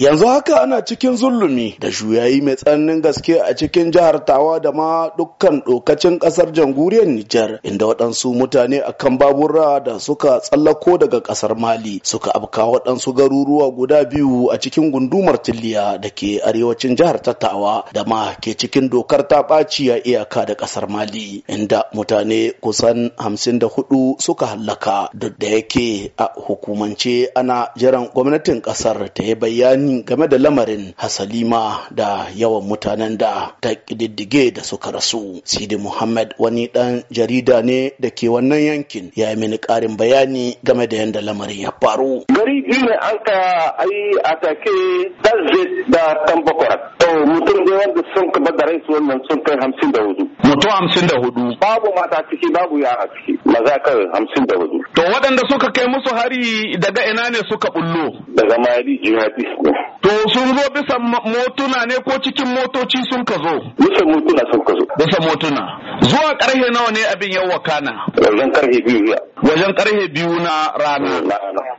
yanzu haka ana cikin zulumi da shuyayi mai tsananin gaske a cikin jihar tawa da ma dukkan dokacin kasar jamhuriyar nijar inda waɗansu mutane a kan babura da suka tsallako daga kasar mali suka abka waɗansu garuruwa guda biyu a cikin gundumar tiliya da ke arewacin jihar ta tawa da ma ke cikin dokar ta ɓaci a iyaka da kasar mali inda mutane kusan hamsin da hudu suka hallaka duk da yake a hukumance ana jiran gwamnatin kasar ta yi bayani bayani game da lamarin hasalima da yawan mutanen da ta ƙididdige da suka rasu sidi muhammad wani ɗan jarida ne da ke wannan yankin ya yi mini ƙarin bayani game da yadda lamarin ya faru gari biyu ne an ka ayi atake dalzit da tambakwarat to mutum ne wanda sun kaba da rai wannan sun kai hamsin da hudu mutum hamsin da hudu babu mata ciki babu yara ciki maza kawai hamsin da hudu to waɗanda suka kai musu hari daga ina ne suka bullo daga mali jihadi ne To sun zo bisa motuna ne ko cikin motoci sun ka zo? Bisa motuna sun ka zo. Bisa motuna. Zuwa karhe nawa ne abin yau wakana? Wajen karhe biyu ya. Wajen karhe biyu na rana.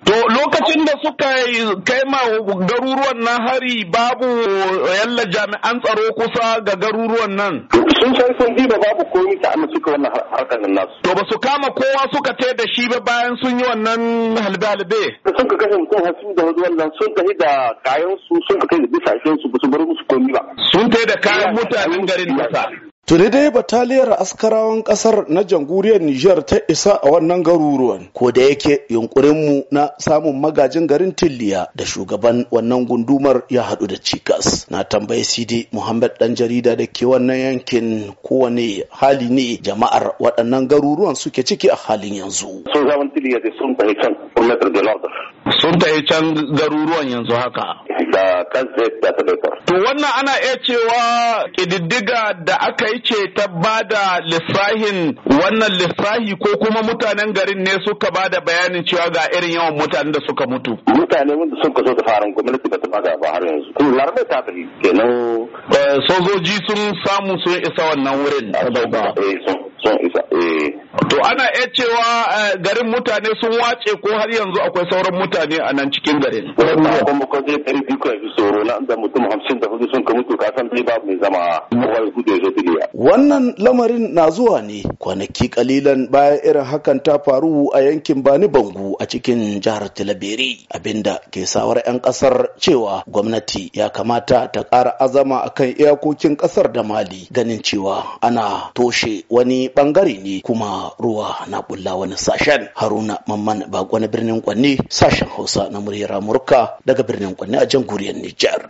To lokacin da suka kai ma garuruwan nan hari babu yalla jami'an tsaro kusa ga garuruwan nan. Sun sai sun ba babu komi ta amma suka wannan harkar nasu. To ba su kama kowa suka tai da shi ba bayan sun yi wannan halbe Sun ka kashe mutum hasu da wannan sun tafi da kayan su sun kai da bisashen su su bar musu komi ba sun kai da kayan mutanen garin nasa Tuni dai bataliyar askarawan kasar na jamhuriyar Nijar ta isa a wannan garuruwan, ko da yake yunkurinmu na samun magajin garin Tiliya da shugaban wannan gundumar ya haɗu da cikas. Na tambayi Sidi Muhammad ɗan jarida da ke wannan yankin kowane hali ne jama'ar waɗannan garuruwan suke ciki a halin yanzu. Sun zaman Tilliya da sun fahimtar, ta tafi can garuruwan yanzu haka. Da kansa da ta To wannan ana iya cewa ƙididdiga da aka yi ce ta bada lissahin wannan lissahi ko kuma mutanen garin ne suka bada bayanin cewa ga irin yawan mutanen da suka mutu. Mutane wanda suka kaso ta fara gwamnati ba ta ba da har yanzu. Kuma larabai ta fi kenan. Eh, sojoji sun samu sun isa wannan wurin. Eh, sun isa. Eh. To ana iya cewa eh, garin mutane sun wace ko har yanzu akwai sauran mutane a nan cikin garin. Kuma zai biyu tsoro na da mutum hamsin da hudu sun ka san babu mai zama kowa ya Wannan lamarin na zuwa ne kwanaki kalilan bayan irin hakan ta faru a yankin Bani Bangu a cikin jihar Tilaberi abinda ke sawar 'yan kasar cewa gwamnati ya kamata ta ƙara azama akan iyakokin kasar da Mali ganin cewa ana toshe wani bangare ne kuma ruwa na bulla wani sashen haruna mamman bakwani birnin kwanni sashen hausa na muryar amurka daga birnin kwanni a jamhuriyar nijar